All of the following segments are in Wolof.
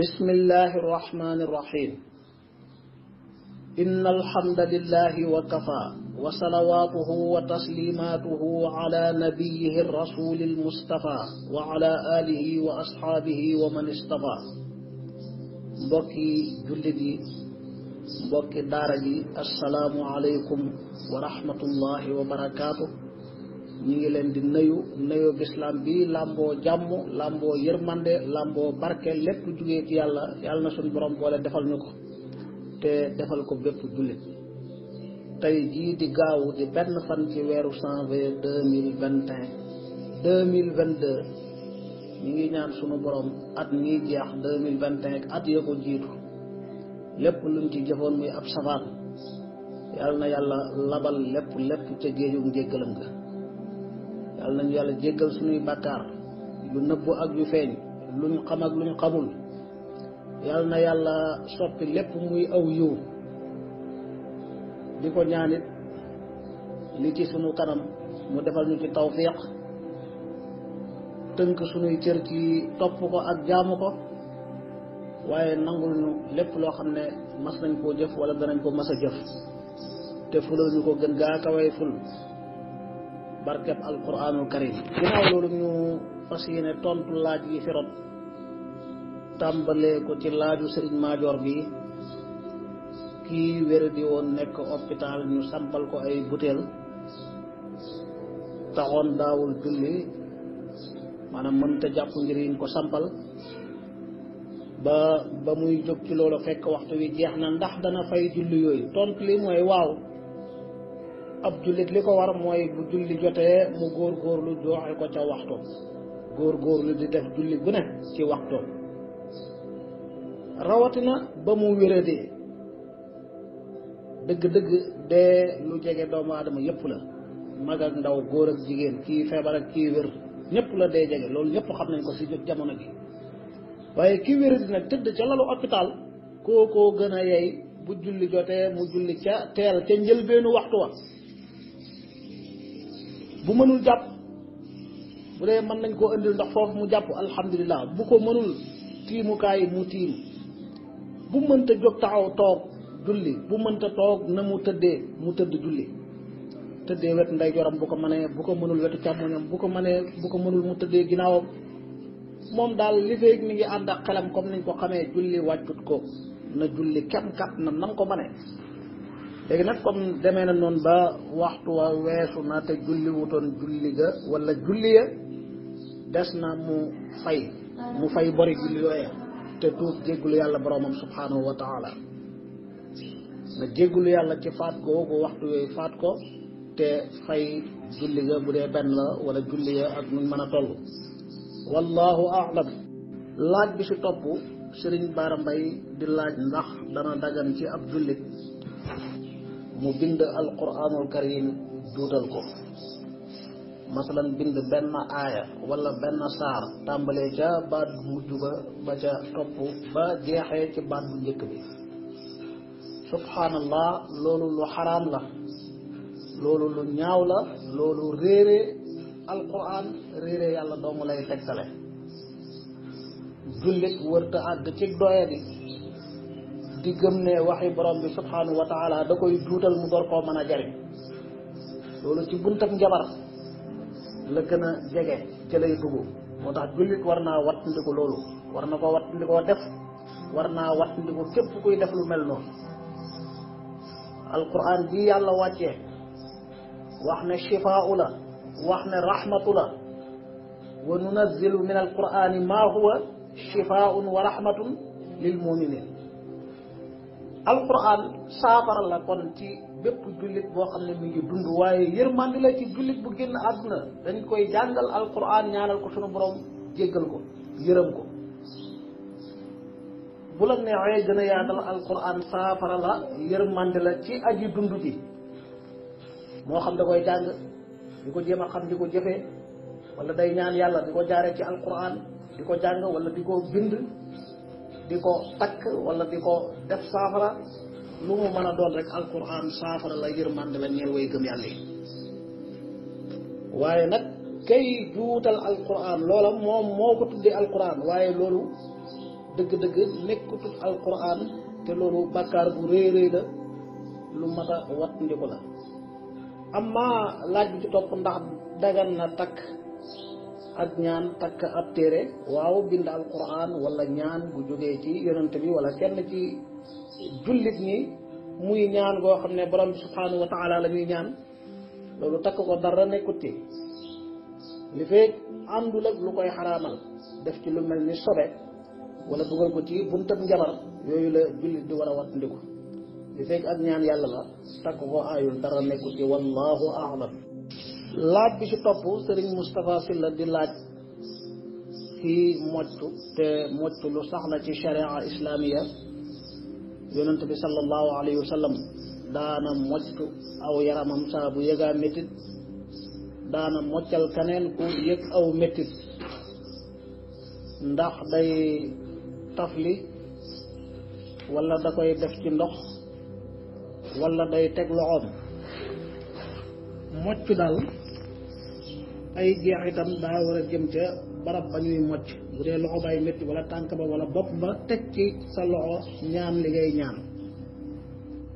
بسم الله الرحمن الرحيم إن الحمد لله وكفى وصلواته وتسليماته على نبيه الرسول المصطفى وعلى آله وأصحابه ومن اصطفى بكي جلدي بكي دارجي السلام عليكم ورحمة الله وبركاته ñi ngi leen di nayu nayo lislaam bi làmboo jàmm làmboo yërmande làmboo barke lépp jugee yàlla yàlla na suñu borom boole defal ñu ko te defal ko bépp jullit tey jii di gaaw di benn fan ci weeru janvier deux mille vingt et un deux mille vingt deux ñi ngi ñaan suñu borom at mii jeex deux mille vingt et at ya ko jiitu lépp luñ ci jëfoon muy ab safaan yàlla na yàlla labal lépp lépp ca géejum njéggalam ga yàlla nañu yàlla jéggal sunuy bàkkaar lu nëbb ak yu feeñ lu xam ak lu xamul yàlla na yàlla soppi lépp muy aw yiw di ko ñaanit li ci sunu kanam mu defal ñu ci tawfiq tënk sunuy cër ci topp ko ak jaamu ko waaye nangul ñu lépp loo xam mas nañ koo jëf wala danañ ko mas a jëf te fulal ñu ko gën gaa barkeb alquranul karim ginnaaw loolu ñu fas yéene tontu laaj yi fi tàmbalee ko ci laaju sëriñ maajoor bi kii wér di woon nekk hôpital ñu sampal ko ay butéel taxoon daawul julli maanaam mënta jàpp ngir yiñ ko sampal ba ba muy jóg ci loolu fekk waxtu wi jeex na ndax dana fay julli yooyu tontu li mooy waaw ab jullit li ko war mooy bu julli jotee mu góor góorlu joxe ko ca waxtu góor góorlu di def julli bu ne ci waxtu rawatina ba mu wéradee dëgg-dëgg dee lu jege doomu aadama yëpp la mag ndaw góor ak jigéen kii feebar ak kii wér ñëpp la dee jege loolu ñëpp xam nañ ko si jamono gi waaye kii wéradi nag tëdd ca lalu hôpital kookoo gën a yey bu julli jotee mu julli ca teel ca njëlbeenu waxtu wa bu mënul jàpp bu dee mën nañ koo indil ndox foofu mu jàpp alhamdulilah bu ko mënul tiimukaay mu tiim bu mënta jóg taxaw toog julli bu mënta toog na mu tëddee mu tëdd julli tëddee wet nday bu ko mënee bu ko mënul wetu càmmoñam bu ko mënee bu ko mënul mu tëddee ginnaawam moom daal li feeg mi ngi ànd ak xelam comme niñ ko xamee julli wàccut ko na julli kem kat na nam ko mënee léegi nag comme demee na noon ba waxtu wa weesu na te julli wutoon julli ga walla julli ya des na mu fay mu fay bori julli yooya te tuub jéggulu yàlla boromam subhanahu wa taala na jéggulu yàlla ci faat googu waxtu yooyu faat ko te fay julli ga bu dee benn la wala julli ya ak nuñ mën a toll wallahu aalam laaj bi si topp Sëriñ Bara Mbay di laaj ndax dana dagan ci ab jullit mu bind alquranul karim duutal ko masalan bind benn aaya wala benn saar tàmbalee ca baat mujj ba ba ca topp ba jeexee ci baat bu njëkk bi subhanallah loolu lu xaraam la loolu lu ñaaw la loolu réere alquran réere yàlla dong lay tegtale jullit wërta àgg ci doya di gëm ne waxi borom bi subhanahu wa taala da koy juutal mu dor ko mën a jariñ loolu ci buntab njabar la gën jege ci lay dugg motax julit warna war naa wattandiku warna ko na koo def warna naa wattandiku képp kuy def lu mel non alquran bi yàlla wacce waxna ne shifaau la waxna rahmatu la wa nunazzilu min alqurani ma huwa shifaun wa rahmatun lil alquran safar la kon ci bepp julit bo xamne mi ngi dund waye yermandi la ci julit bu genn aduna dañ koy jangal alquran ñaanal ko sunu borom jéggal ko yërëm ko bu la neexee gën yaatal alquran safar la yermandi la ci aji dund ji mo xam da koy jang di ko xam di ko wala day ñaan yalla di ko ci alquran di ko wala di bind diko tak wala diko def safara lu mu meuna a doon rek alquran safara la yërmande la ñeel way gëm yalla waye nak kay juutal alquran loola mom moko ko alquran waye lolu deug deug nekkutul alquran te lolu bakkar bu reey reey la lu mata wat ndiko la amma laaj ci top ndax dagan na tak ak ñaan takk ab téere waaw bind alquran walla ñaan gu jóge ci yonent bi wala kenn ci jullit ñi muy ñaan goo xam ne borom bi subhanahu wa la ñuy ñaan loolu takk ko dara nekkut ci li fekk àndul ak lu koy xaraamal def ci lu mel ni sobe wala dugal ko ci buntab njabar yooyu la jullit di war a wattandiku li fekk ak ñaan yàlla la takk ko aayul dara nekkut ci wallahu a'lam laaj bi ci topp Serigne Moustapha Sylla di laaj kii moccu te moccu lu saxla ci sharia islamiya yonent bi sallallahu alayhi wa daana moccu aw yaramam saa bu yëgaa daana moccal kaneen ku yëg aw métit ndax day tafli wala da koy def ci ndox wala day teg loxoom moccu daal ay jeexitam daa war a jëm ca barab ba ñuy mocc bu dee loxo bay métti wala tànk ba wala bopp ba teg ci sa loxo ñaan li ngay ñaan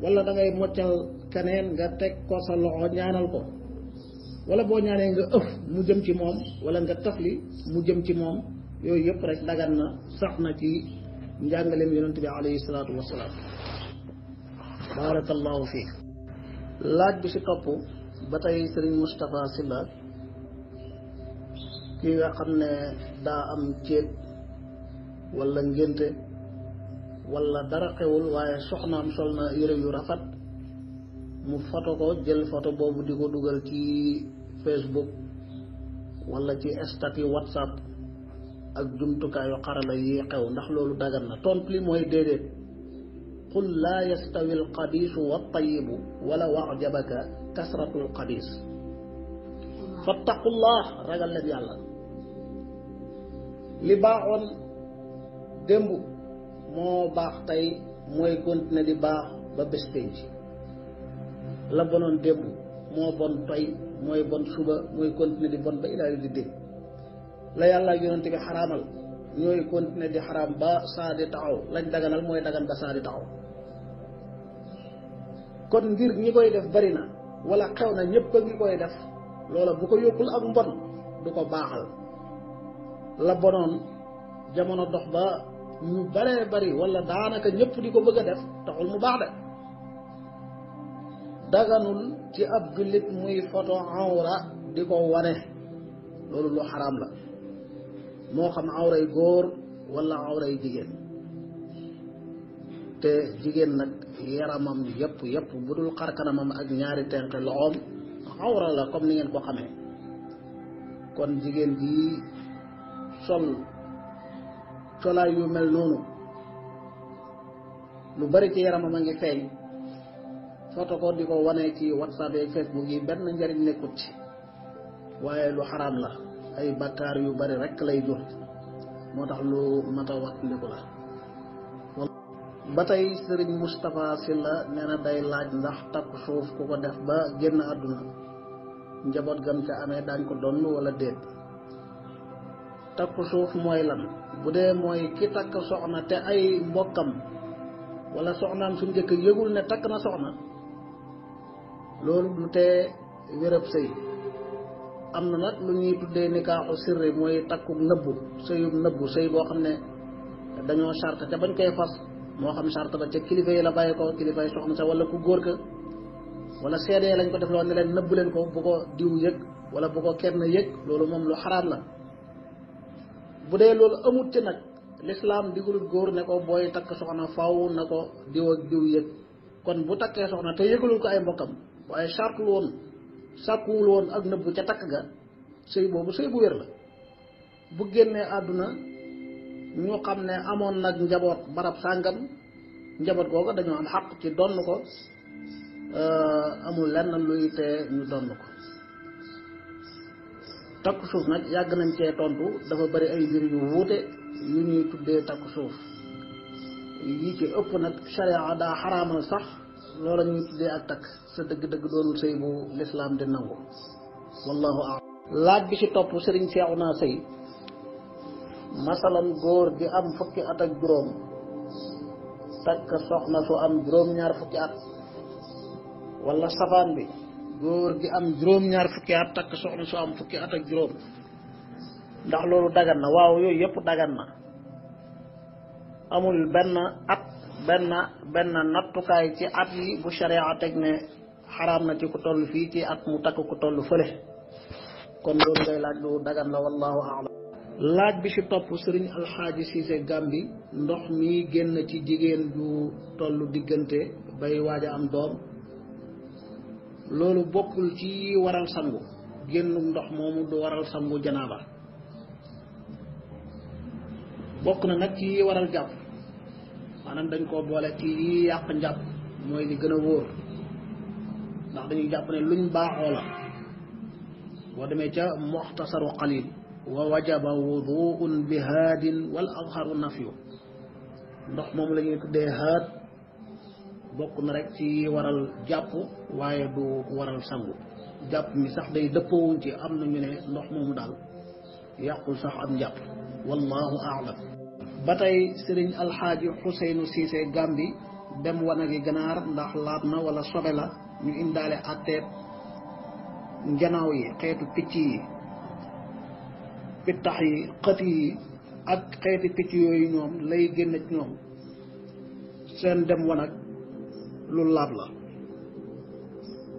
wala da ngay moccal keneen nga teg ko sa loxo ñaanal ko wala boo ñaanee nga ëf mu jëm ci moom wala nga tafli mu jëm ci moom yooyu yëpp rek dagan na sax na ci njàngaleem yonente bi alayhi salaatu wasalaam barakallahu fiik laaj bi si topp ba tey sëriñ mustapha Sylla ki nga xamne ne am ciet wala ngenté wala dara xewul waye soxna am solna yere yu rafat mu foto ko jël foto bobu diko duggal ci facebook wala ci statut whatsapp ak yo xarala yi xew ndax lolu dagal na tonpli li mooy déedéet qul la yastawi alqadiisu tayyib wala waajabaka kasratu al qadis fattaqullah ragal leen yàlla li baaxoon démb moo baax tey mooy continuer di baax ba bés penc la bonoon démb moo bon tey mooy bon suba mooy continuer di bon ba ilaayu di dégg la yàlla ak yonente bi xaraamal ñooy continuer di xaraam ba saa di taxaw lañ daganal mooy dagan ba saa di taxaw kon ngir ñi koy def bari na wala xew na ñëpp a ngi koy def loola bu ko yóbbul ak mbon du ko baaxal la bonoon jamono dox ba ñu baree bari wala daanaka ñëpp di ko bëgg a def taxul mu baax de daganul ci ab jullit muy photo awra di ko wane loolu lu xaraam la moo xam awray góor wala awray jigéen te jigéen nag yaramam yëpp yëpp bu dul xar kanamam ak ñaari tenq loxoom awra la comme ni ngeen ko xamee kon jigéen ji sol colaay yu mel noonu lu bari ci yaramam a ngi feeñ foto ko di ko wane ci whatsapp yi facebook yi benn njariñ nekkut ci waaye lu xaraam la ay bakkaar yu bari rek lay jur moo tax lu mat wat liku la ba tey sëriñ Moustapha Sylla nee na day laaj ndax takk suuf ku ko def ba génn àdduna njaboot gam ca amee daañ ko donn wala déet takku suuf mooy lan bu dee mooy ki takk soxna te ay mbokkam wala soxnaam su njëkk yëgul ne takk na soxna loolu du tee sëy am na nag lu ñuy tuddee nikaaxu sirri mooy takku nëbbu sëyub nëbbu sëy boo xam ne dañoo sart te bañ koy fas moo xam charte ba ca kilifa yi la bàyyi ko kilifa yi soxna sa wala ku góor ka wala seede lañ ko def loo ne leen nëbbu leen ko bu ko diw yëg wala bu ko kenn yëg loolu moom lu xaraam la bu dee loolu amut ci nag l'islam digul góor ne ko booy takk soxna faw na ko diw ak diw yëg kon bu takkee soxna te yëgalul ko ay mbokkam waaye sartul woon sàkkuwul woon ak nëbbu ca takk ga sëy boobu sëy bu wér la bu génnee àdduna ñu xam ne amoon nag njaboot barab sàngam njaboot googa dañoo am xàq ci donn ko euh, amul lenn luy tee ñu donn takk suuf nag yàgg nañ cee tontu dafa bari ay mbir yu wuute yu ñuy tuddee takk suuf yi ci ëpp nag sharia daa xaraamal sax loola ñuy tuddee ak takk sa dëgg-dëgg doonul sëy bu lislaam di nangu wallahu laaj bi ci topp sëriñ seexu naa sëy masalan góor di am fukki at ak juróom takk soxna su am juróom ñaar fukki at wala safaan bi góor gi am juróom-ñaar fukki at takk soxna su am fukki at juróom ndax loolu dagan na waaw yooyu yëpp dagan na amul benn at benn nattukaay ci at yi bu sharia teg ne xaraam na ci ku toll fii ci at mu takk ku toll fële kon loolu ngay laaj boobu dagan la wallahu a'lam laaj bi ci topp sëriñ alxaaji Cissé Gambi ndox mi génn ci jigéen ju tollu diggante bay waaja am doom lolu bokul ci waral sangu gennu ndox momu du waral sangu janaba bokk na nak ci waral japp manam dañ ko bolé ci yi yàq njàpp mooy li gëna woor ndax dañuy japp ne luñ baaxoo la boo demee ca muxtasaru qalil wa wajaba wuduun bi wal a'zhar nafyu ndox moom lañuy tuddé bokk na rek ci waral jàpp waaye du waral sangu jàpp mi sax day dëppoowuñ ci am na ñu ne ndox moomu daal yàqul sax am jàpp wallahu aalam ba tey sëriñ alxaaji xuseynu siise gambi dem wanagi ganaar ndax laab na wala sobe la ñu indaale atteeb njanaaw yi xeetu picc yi pittax yi xët yi ak xeeti picc yooyu ñoom lay génn ci ñoom seen dem wanag lu laab la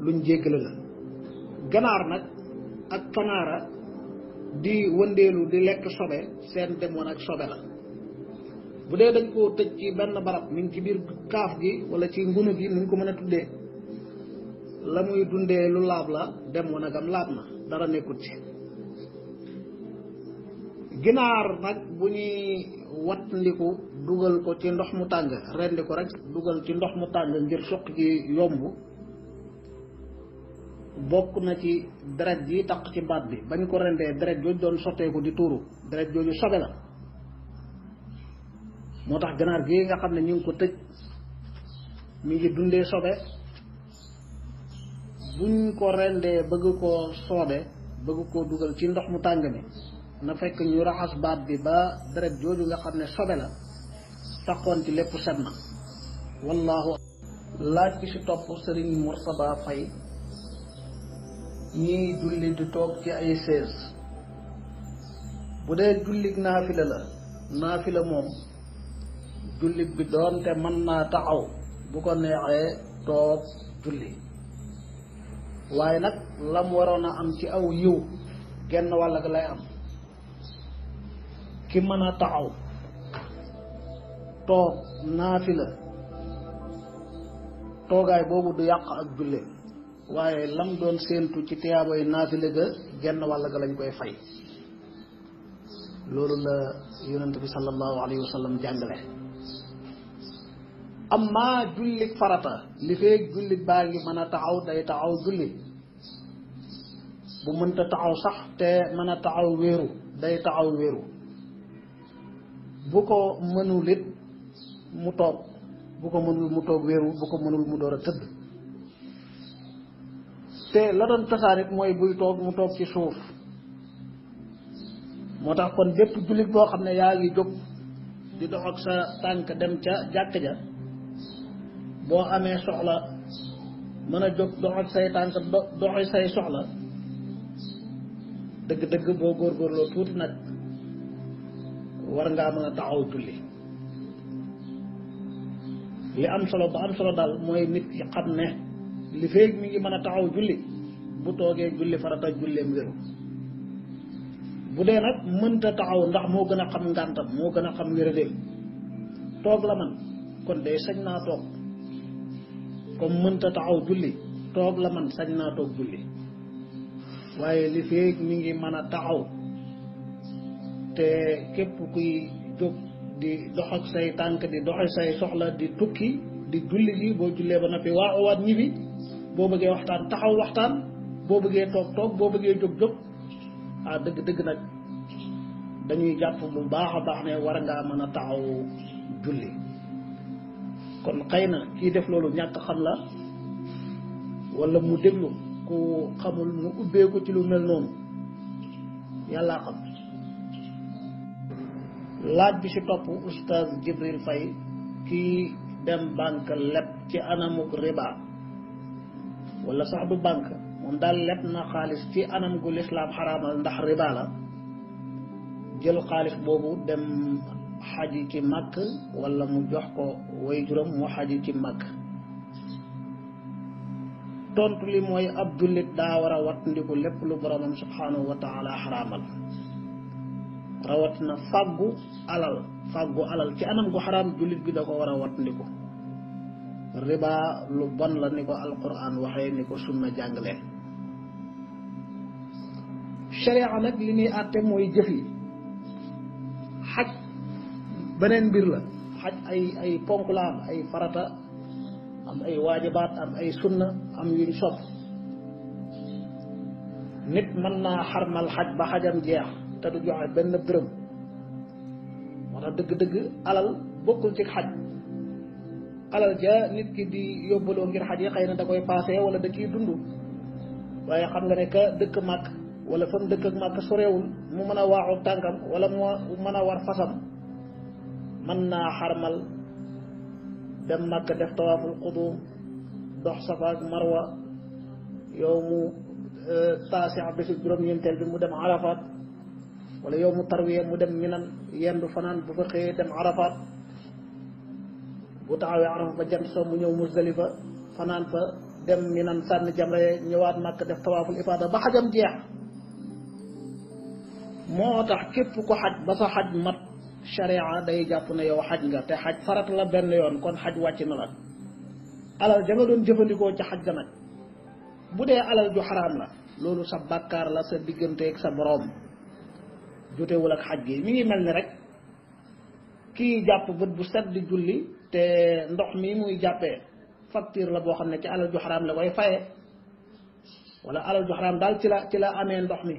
lu jéggale la ganaar nag ak kanaara di wëndeelu di lekk sobe seen demoon ak sobe la bu dee dañ koo tëj ci benn barab mi ngi ci biir kaaf gi wala ci ngunu gi ni ko mën a tuddee la muy dundee lu laab la demoon ak am laab na dara nekkut ci ginaar nag bu ñuy wattandiku dugal ko ci ndox mu tàng rendi ko rek dugal ci ndox mu tàng ngir suq gi yomb bokk na ci deret ji taq ci baat bi bañ ko rendee deret jooju doon sotteeku di tuuru deret jooju sobe la moo tax ganaar gi nga xam ne ñu ngi ko tëj mi ngi dundee sobe buñ ko rendee bëgg ko soode bëgg ko dugal ci ndox mu tàng ni na fekk ñu raxas baat bi ba deret jooju nga xam ne sobe la taxoon ci lépp set na wallaahu laaj bi si topp sëriñ Mourtada Faye ñiy julli di toog ci ay sees bu dee jullig naafila la naafila moom jullit bi doonte mën naa taxaw bu ko neexee toog julli waaye nag lam waroon a am ci aw yiw genn wàll lay am ki mën a taxaw toog naafila toogaay boobu du yàq ak julle waaye lam doon séentu ci tiyaaboy naafila ga genn wàll ga lañ koy fay loolu la yonent bi sallallahu alayhi wa sallam jàngale amma jullik farata li feeg jullit baa ngi mën a taxaw day taxaw julli bu mënta taxaw sax te mën a taxaw wéeru day taxaw wéeru bu ko mënul it mu toog bu ko mënul mu toog wéeru bu ko mënul mu door a tëdd te la doon cosaan it mooy buy toog mu toog ci suuf moo tax kon bépp julit boo xam ne yaa ngi jóg di dox ak sa tànk dem ca jàkk ja boo amee soxla mën a jóg dox ak say tànk doxi say soxla dëgg-dëgg boo góorgóorloo tuuti nag war nga mëna taxaw julli li am solo ba am solo dal mooy nit ki xam ne li feeg mi ngi mën a taxaw julli bu toogee julli farata julleem wéru bu dee nag mënta taxaw ndax moo gën a xam ngàntam moo gën a xam wéradéem toog la man kon day sañ naa toog comme mënta taxaw julli toog la man sañ naa toog julli waaye li feeg mi ngi mën a taxaw te képp kuy jóg di dox ak say tànk di doxe say soxla di tukki di julli ji boo jullee ba noppi waa owaat ñibi boo bëggee waxtaan taxaw waxtaan boo bëggee toog toog boo bëggee jóg jóg ah dëgg dëgg nag dañuy jàpp bu baax a baax ne war ngaa mën a taxaw julli kon xëy na kii def loolu ñàkk xam la wala mu déglu ku xamul mu ubbeeku ci lu mel noonu yàllaa xam laaj bi ci topp oustaz jibril fay kii dem banque leb ci anamuk riba wala sax du banque moom daal leb na xaalis ci anam gu lislaam xaraamal ndax riba la jël xaalis boobu dem xaji ci màkk wala mu jox ko way juróom mu xaji ci màkk tontu li mooy ab jullit daa war a wattandiku lépp lu boromam subhanahu wa taala xaraamal rawat na fàggu alal fàggu alal ci anam gu xaraam jullit bi da ko war a wattandiku riba lu bon la ni ko alquran waxee ni ko sunna jàngalee sharia nag li at àtte mooy jëf yi xaj beneen mbir la xaj ay ay ponk la ay farata am ay waajibaat am ay sunna am yuñ sopp nit mën naa xarmal xaj ba xajam jeex ta du joxe benn dërëm moo tax dëgg-dëgg alal bokkul ci xaj alal ja nit ki di yóbbaloo ngir xaj yi ya, xëy na da koy passé wala da ciy dund waaye xam nga ne ka dëkk màkk wala fam dëkk ak màkk sorewul mu mën a waaxu tànkam wala mu mën a war fasam mën naa xarmal dem màkk def tawaful xudum dox safa ak marwa yow mu euh, taasi bési juróom-ñeenteel bi mu dem arafat ولا يوم التروية مدمنا يام فنان بفرخي دم عرفة وتعاوي عرفة بجم صوم يوم مزدلفة فنان ف دم من انسان جمرة نيوات مكة دف طواف الإفادة بحجم جيع موتا كيف كو حج بس حج مت شريعة داي جابنا يو حج نغا تي حج فرط لا بن ليون كون حج واتي نلان على جمع دون جفن ديكو جا حج جمع بودي على جو حرام لا لولو سا بكار لا سا ديگن سا بروم jotewul ak xaj mi ngi melni rek ki japp bu bu set di julli te ndox mi muy jappé fatir la bo xamné ci alal juhram la koy fayé wala alal juhram dal ci la ci la amé ndox mi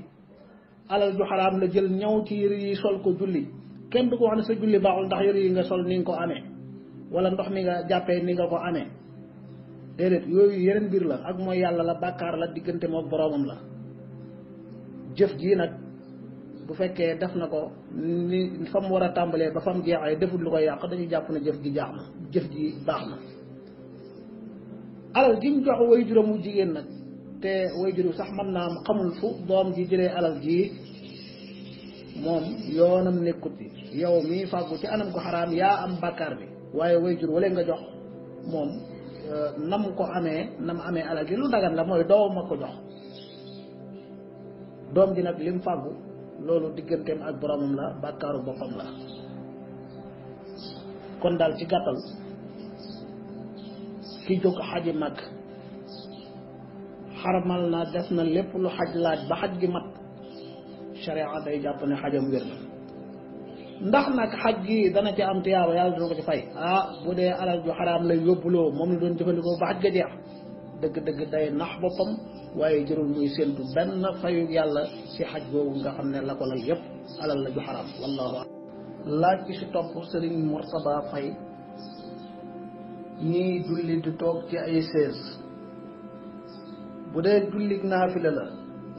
alal juhram la jël ñëw ci yi sol ko julli kenn du ko wax sa julli baaxul ndax yëre yi nga sol ni nga ko amé wala ndox mi nga jappé ni nga ko amé déedéet yooyu yeneen bir la ak moy yalla la bakkar la digënté moog boroomam la jëf jii nak bu fekke def nako ko ni fa mu war ba fam jeexay deful lu ko yak dañu jàpp na jeuf gi jaxna jeuf gi baxna alal gi ñu jox way mu jigen nak te way juróom sax mën naa xamul fu doom ji jere alal ji mom yoonam nekkut bi yow mi fagu ci anam ko haram ya am bakar bi waye way jur wala nga jox mom nam ko amé nam amé alal gi lu dagan la moy doom mako jox dom di nak lim fagu loolu digganteem ak boromam la bàkkaaru boppam la kon daal ci gàttal ki jóg xaji mag xaramal na des na lépp lu xaj laaj ba xaj gi mat sharia day jàpp ne xajam wér na ndax nag xaj gi dana ci am tiyaaba yàlla dina ko ci fay ah bu dee alal ju xaraam lay yóbbuloo moom la doon jëfandikoo ba xaj ga jeex dëgg-dëgg day nax boppam waaye jërul muy séentu benn fayu yàlla ci xaj boobu nga xam ne la ko lal yëpp alal la ju xaraam wallahu laaj bi si topp sëriñ Mourtada Faye ñiy julli di toog ci ay sees bu dee jullig naafila la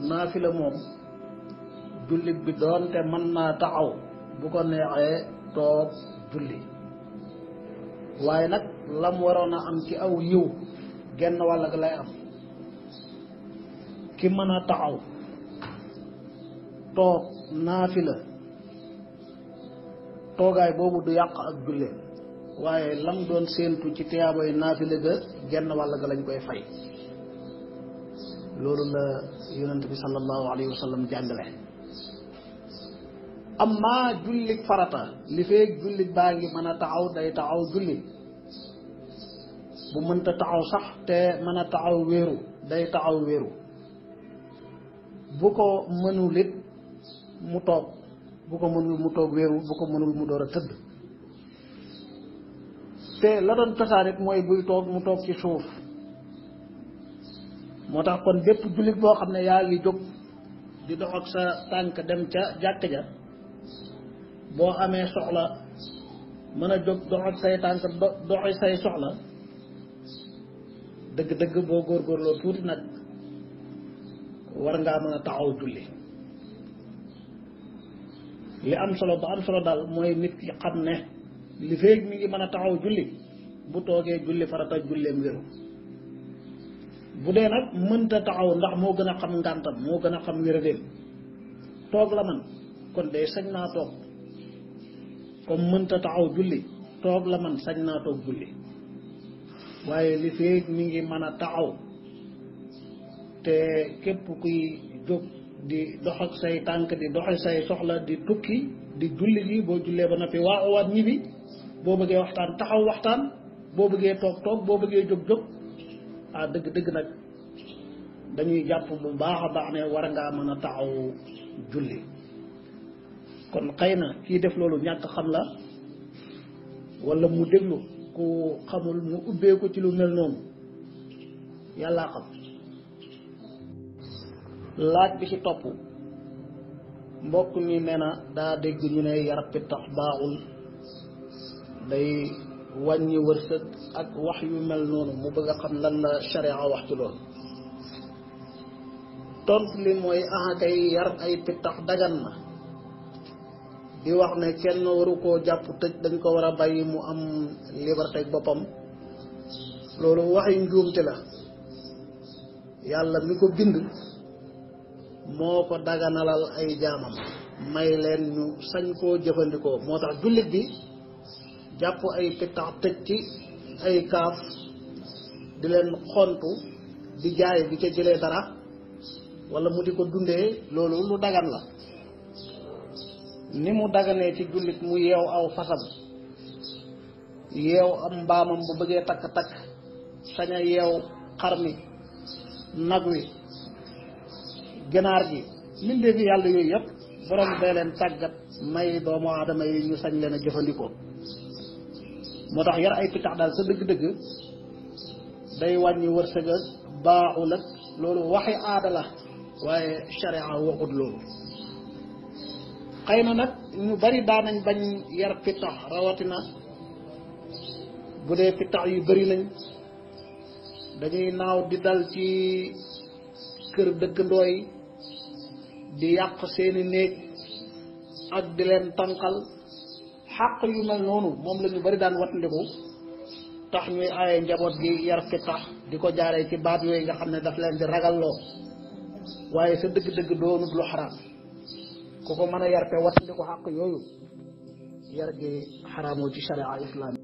naafila moom jullit bi doonte mën naa taxaw bu ko neexee toog julli waaye nag lam waroon a am ci aw yiw genn wàll lay am ki mën a taxaw toog naafila toogaay boobu du yàq ak julleem waaye lam doon séentu ci tiyaaboy naafila ga genn wàll ga lañ koy fay loolu la yonent bi sallallahu alayhi wa li feeg jullit baa ngi mën a taxaw day taxaw jullit bu mënta taxaw sax te mën a taxaw wéeru day taxaw wéeru bu ko mënul it mu toog bu ko mënul mu toog wéeru bu ko mënul mu door a tëdd te la doon tasaarit mooy buy toog mu toog ci suuf moo tax kon bépp julit boo xam yaa ngi jóg di dox ak sa tànk dem ca jàkk ja boo amee soxla mën a jóg dox ak say tànk doxi say soxla dëgg-dëgg boo lo tuuti nag war ngaa mën a taxaw julli li am solo ba am solo daal mooy nit ki xam ne li feeg mi ngi mën a taxaw julli bu toogee julli farata julleem wéru bu dee nag mënta taxaw ndax moo gën a xam ngàntam moo gën a xam wéradéem toog la man kon day sañ naa toog comme mënta taxaw julli toog la man sañ naa toog julli waaye li feeg mi ngi mën a taxaw te képp kuy jóg di dox ak say tànk di doxe say soxla di tukki di julli bi boo jullee ba noppi waa owaat ñibbi boo bëggee waxtaan taxaw waxtaan boo bëggee toog toog boo bëggee jóg jóg ah dëgg dëgg nag dañuy jàpp bu baax a baax ne war ngaa mën a taxaw julli kon xëy na kii def loolu ñàkk xam la walla mu déglu ku xamul mu ubbeeku ci lu mel noonu yàllaa xam laaj bi ci topp mbokk mi nee na daa dégg ñu ne yarab bi tax baaxul day wàññi wërsëg ak wax yu mel noonu mu bëgg a xam lan la sharia wax ci loolu tontu li mooy aha kay yar ay pittax dagan na di wax ne kenn waru koo jàpp tëj dañ ko war a bàyyi mu am liberté boppam loolu waxi njuumte la yàlla mi ko bind moko daganalal ay jaamam may len ñu sañ ko jëfëndiko motax tax bi japp ay tax tëj ci ay kaaf di len xontu di jaay di ca jëlé dara wala mu di ko dundee loolu lu dagan la ni mu dagané ci jullit mu yew aw fasam yew am baamam bu bëggé tak tak saña yew xarmi ganaar gi mbindee fi yalla yoy yëpp borom de len tagat may doomu adama yi ñu sañ leena a motax yar ay pitax dal sa deug deug day wañi wërsëg ak baaxul lolu waxi adala waye sharia waxut loolu xëy na ñu bari nañ bañ yar pitax rawatina bu dee pitax yu bari nañ dañuy naaw di dal ci kër dëkkandoo yi di yàq seeni néeg ak di leen tànqal xàq yu mel noonu moom la ñu bari daan wattandiku tax ñuy aaye njaboot gi yar fi di ko jaaree ci baat yooyu nga xam ne daf leen di ragalloo waaye sa dëgg-dëgg doonut lu xaraam ku ko mën a yar te wattandiku xàq yooyu yar gi xaraamoo ci sharia islam